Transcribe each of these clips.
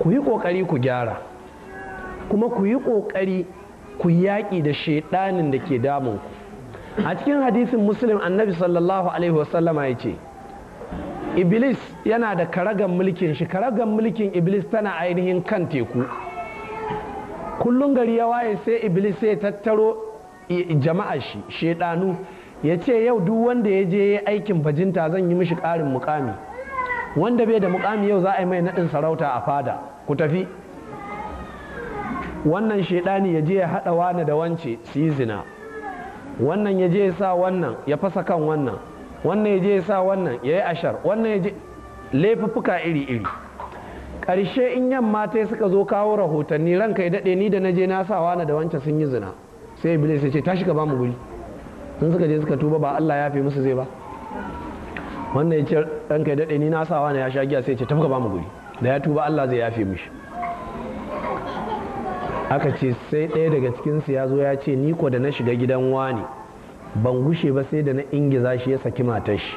ku yi ƙoƙari ku gyara kuma ku yi ƙoƙari ku yaƙi da shaiɗanin da ke damun ku a cikin hadisin muslim annabi sallallahu alaihi wasallama ya ce iblis yana da karagan mulkin shi karagan mulkin iblis tana ainihin kan teku kullum gari ya waye sai iblis sai tattaro jama'a shi shaiɗanu ya ce yau duk wanda ya je aikin bajinta zan yi mishi ƙarin mukami wanda bai da mukami yau za a yi mai naɗin sarauta a fada ku tafi wannan shaidani ya je ya haɗa wani da wance su yi zina wannan ya je ya sa wannan ya fasa kan wannan wannan ya je ya sa wannan ya yi ashar wannan ya je laifuffuka iri-iri ƙarshe in yamma ta suka zo kawo rahotanni ranka ya daɗe ni da na je na sa wani da wance sun yi zina sai iblis ya ce tashi ka ba mu guri sun suka je suka tuba ba Allah ya fi musu zai ba wannan ya ce ɗan kai daɗe ni na sawa na ya sha giya sai ce tafka ba mu guri da ya tuba Allah zai yafe mishi aka ce sai ɗaya daga cikin cikinsu ya zo ya ce ni ko da na shiga gidan wani ban gushe ba sai da na ingiza shi ya saki matar shi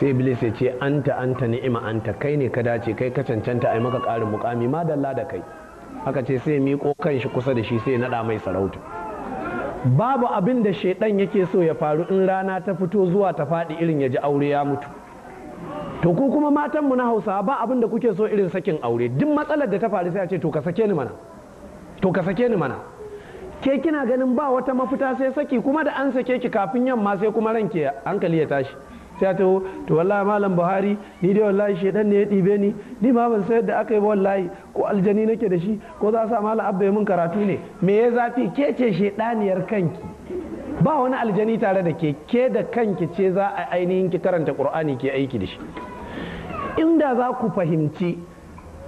sai iblis ya ce anta anta ni'ima anta kai ne ka dace kai ka cancanta ai maka ƙarin mukami ma dalla da kai aka ce sai miƙo kan shi kusa da shi sai naɗa mai sarauta babu abin da shaidan yake so ya faru in rana ta fito zuwa ta faɗi irin ya ji aure ya mutu to ku kuma matanmu na hausa ba abin da kuke so irin sakin aure duk matsalar da ta faru sai a ce to ka sake ni mana to ka sake ni mana ke kina ganin ba wata mafita sai saki kuma da an sake ki kafin yamma sai kuma ranke hankali ya tashi sai ta to wallahi malam buhari ni dai wallahi shedan ne ya ɗibe ni ni ma ban sayar da aka yi wallahi ko aljani nake da shi ko za sa malam abba mun karatu ne me ya zafi ke ce shedaniyar kanki ba wani aljani tare da ke ke da kanki ce za a ainihin ki karanta qur'ani ke aiki da shi inda za ku fahimci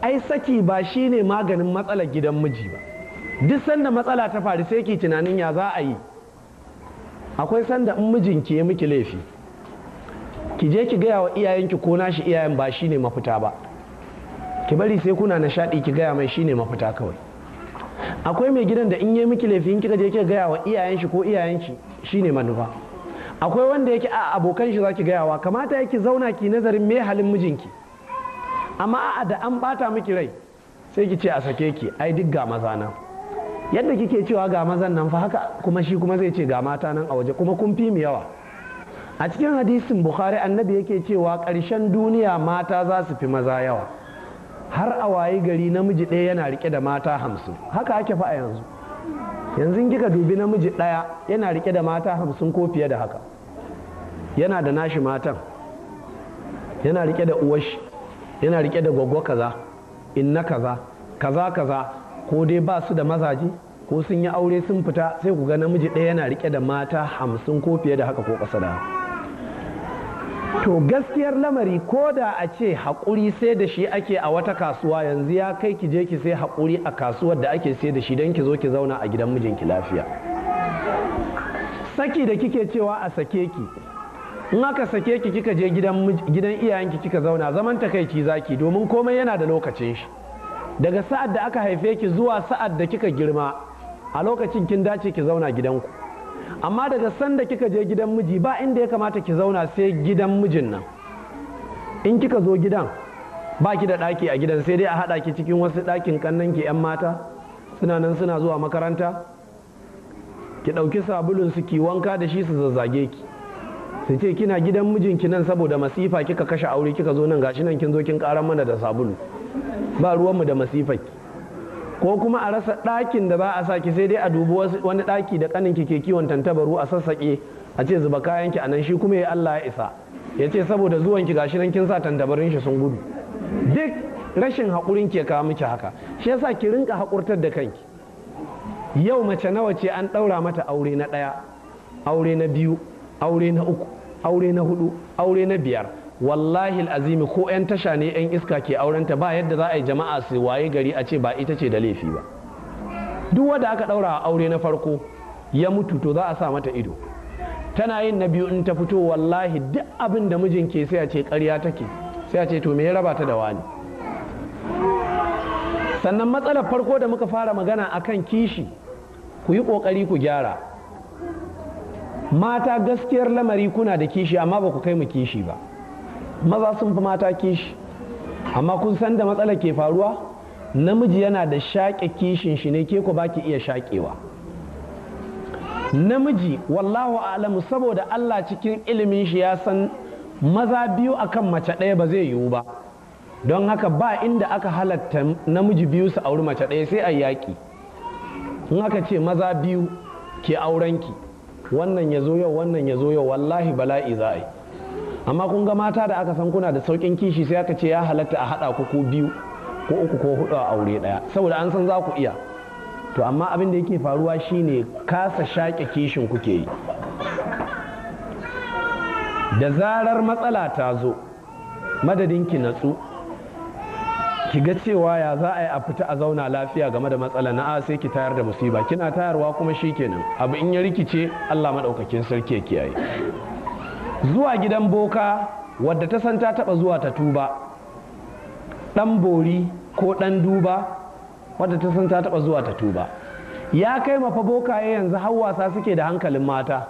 ai saki ba shine maganin matsalar gidan miji ba duk sanda matsala ta faru sai ki tunanin ya za a yi akwai sanda in mijinki ya miki laifi ki je ki gaya wa iyayenki ko nashi iyayen ba shine mafita ba ki bari sai kuna nishadi ki gaya mai shine mafita kawai akwai mai gidan da in yi miki laifi in kika je kika gaya wa iyayen shi ko iyayen shi shine manufa akwai wanda yake a abokan shi ki gaya wa kamata ki zauna ki nazarin me halin mijinki amma a'a da an bata miki rai sai ki ce a sake ki ai duk ga maza na yadda kike cewa ga mazan nan fa haka kuma shi kuma zai ce ga mata nan a waje kuma kun fi mu yawa a cikin hadisin bukhari annabi yake cewa ƙarshen duniya mata za su fi maza yawa har a wayi gari namiji ɗaya yana rike da mata hamsin haka ake fa a yanzu yanzu kika dubi namiji ɗaya yana rike da mata hamsin ko fiye da haka yana da nashi matan yana rike da uwashi yana rike da gwaggwa kaza inna kaza kaza kaza ko dai ba su da mazaje ko sun yi aure sun fita sai ku ga namiji ɗaya yana rike da mata hamsin ko fiye da haka ko ƙasa da haka to gaskiyar lamari ko da a ce haƙuri sai da shi ake a wata kasuwa yanzu ya kai ki je ki sai haƙuri a kasuwar da ake sai da shi don ki zo ki zauna a gidan mijinki lafiya saki da kike cewa a sake ki in aka sake ki kika je gidan iyayenki kika zauna zaman takaici zaki domin komai yana da lokacin shi daga sa'ad da aka haife ki zuwa sa'ad da kika girma a lokacin kin dace ki zauna gidanku amma daga sanda kika je gidan miji ba inda ya kamata ki zauna sai gidan mijin nan in kika zo gidan ba ki da ɗaki a gidan sai dai a haɗa ki cikin wasu ɗakin kannan ki 'yan mata suna nan suna zuwa makaranta ki ɗauki sabulun su ki wanka da shi su zazzage ki su ce kina gidan mijinki nan saboda masifa kika kashe aure kika zo nan gashi nan kin zo kin ƙarar mana da sabulu ba ruwanmu da masifa ki ko kuma a rasa ɗakin da ba a saki sai dai a dubi wani ɗaki da ƙanin ke kiwon tantabaru a sassaƙe a ce zuba kayan ki nan. shi kuma ya Allah ya isa ya ce saboda zuwan ki gashi nan kin sa tantabarin shi sun gudu duk rashin haƙurin ke kawo miki haka shi yasa ki rinka haƙurtar da kanki yau mace nawa ce an ɗaura mata aure na ɗaya aure na biyu aure na uku aure na hudu aure na biyar wallahi azimi ko 'yan tasha ne 'yan iska ke aurenta ba yadda za a yi jama'a su waye gari a ce ba ita ce da laifi ba duk wanda aka ɗaura a aure na farko ya mutu to za a sa mata ido tana yin na biyu in ta fito wallahi duk abin da mijin ke sai a ce ƙarya take sai a ce to me ya raba ta da wani sannan matsalar farko da muka fara magana akan kishi ku yi ƙoƙari ku gyara mata gaskiyar lamari kuna da kishi amma ba ku kai mu kishi ba maza sun fi mata kishi amma kun san da matsala ke faruwa namiji yana da shaƙe kishin shi ne ke ku ba ki iya shaƙewa namiji wallahu alamu saboda Allah cikin ilimin shi ya san maza biyu akan mace ɗaya ba zai yiwu ba don haka ba inda aka halatta namiji biyu su auri mace ɗaya sai a yaƙi in aka ce maza biyu ke aurenki wannan ya zo yau wannan ya zo yau wallahi bala'i za a yi amma kun ga mata da aka san kuna da saukin kishi sai aka ce ya halatta a haɗa ku ko biyu ko uku ko hudu a aure ɗaya saboda an san za ku iya to amma abin da yake faruwa shine kasa shaƙe kishin kuke yi da zarar matsala ta zo madadin ki natsu ki ga cewa ya za a yi a fita a zauna lafiya game da matsala na a sai ki tayar da musiba kina tayarwa kuma shikenan abu in ya rikice Allah madaukakin sarki ya kiyaye zuwa gidan boka wadda ta san ta taba zuwa ta tuba dan bori ko dan duba wadda ta san ta taba zuwa ta tuba ya kai mafa bokaye yanzu har wasa suke da hankalin mata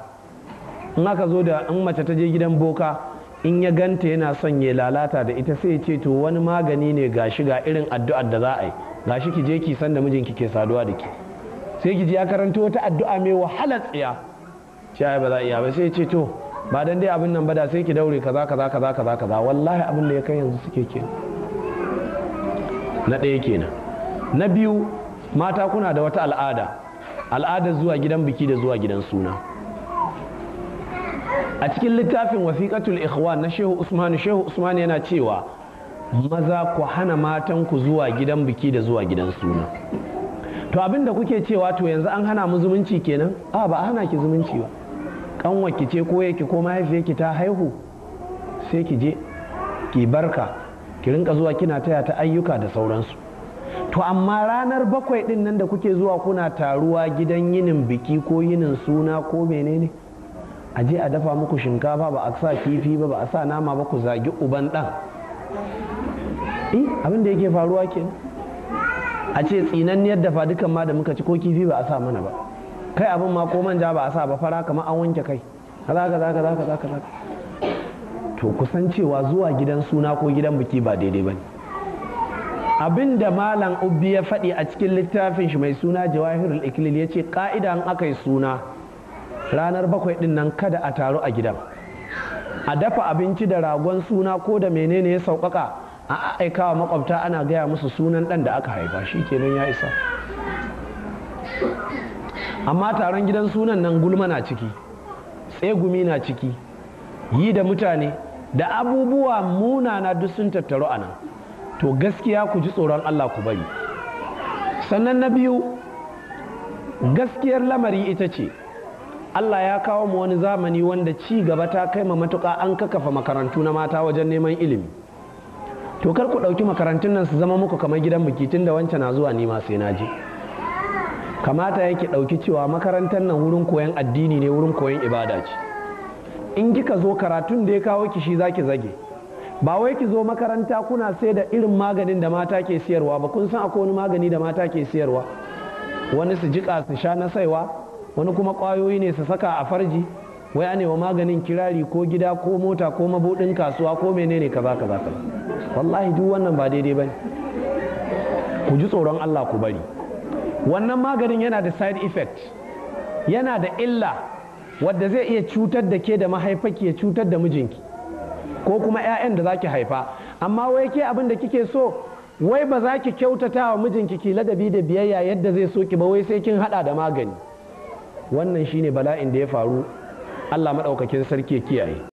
in aka zo da in mace ta je gidan boka in ya ganta yana son ya lalata da ita sai ce to wani magani ne ga shiga irin addu'ar da za a yi gashi ki je ki san da mijinki ke saduwa da ke sai ki ji ya karanta wata addu'a mai wahalar tsiya ce ba za a iya ba sai ce to ba dan dai abin nan ba da sai ki daure kaza kaza kaza kaza kaza wallahi abin da ya kai yanzu suke ke na ɗaya kenan na biyu mata kuna da wata al'ada al'adar zuwa gidan biki da zuwa gidan suna a cikin littafin wasiƙatul ikhwan na shehu usman shehu usman yana cewa maza ku hana matan ku zuwa gidan biki da zuwa gidan suna to abin da kuke cewa to yanzu an hana mu zumunci kenan a ba a hana ki zumunci ba ki ce ko yake ko ki ta haihu sai ki je ki barka ki rinka zuwa kina taya ta ayyuka da sauransu to amma ranar bakwai din nan da kuke zuwa kuna taruwa gidan yinin biki ko yinin suna ko menene a je a dafa muku shinkafa ba a sa kifi ba ba a sa nama ba ku zagi uban dan eh, abin da yake faruwa ke a ce tsinanniyar dafa dukan ma da muka ci ko kifi ba a sa mana ba kai abin ma ko manja ba a sa ba fara kamar an wanke kai kaza kaza kaza kaza ka. to kusan cewa zuwa gidan suna ko gidan biki ba daidai bane abin da malam ubbi ya faɗi a cikin littafin shi mai suna jawahirul ikilil ya ce ƙa'ida an aka yi suna ranar bakwai ɗin nan kada a taru a gidan a dafa abinci da ragon suna ko da menene ya sauƙaƙa a aikawa makwabta ana gaya musu sunan ɗan da aka haifa shi kenan ya isa amma taron gidan sunan nan gulma na ciki tsegumi na ciki yi da mutane da abubuwa munana duk sun tattaru a nan to gaskiya ku ji tsoron allah ku bari sannan na biyu gaskiyar lamari ita ce Allah ya kawo mu wani zamani wanda ci gaba ta kai ma matuƙa an kakafa makarantu na mata wajen neman ilimi to kar ku ɗauki makarantun nan su zama muku kamar gidan biki tun da wancan na zuwa nima sai na je kamata yake ɗauki cewa makarantar nan wurin koyon addini ne wurin koyon ibada ce in kika zo karatun da ya kawo ki shi zaki zage ba wai ki zo makaranta kuna sai da irin maganin da mata ke siyarwa ba kun san akwai wani magani da mata ke siyarwa wani su jika su sha na saiwa wani kuma ƙwayoyi ne su saka a farji wai ane wa maganin kirari ko gida ko mota ko mabuɗin kasuwa ko menene kaza kaza kaza wallahi duk wannan ba daidai bane ku ji tsoron Allah ku bari wannan maganin yana da side effect yana da illa wadda zai iya cutar da ke da mahaifaki ya cutar da mijinki ko kuma 'ya'yan da za ki haifa amma wai ke abin da kike so wai ba za ki kyautata wa mijinki ki ladabi da biyayya yadda zai so ki ba wai sai kin hada da magani wannan shine bala'in da ya faru Allah maɗaukakin sarki ya kiyaye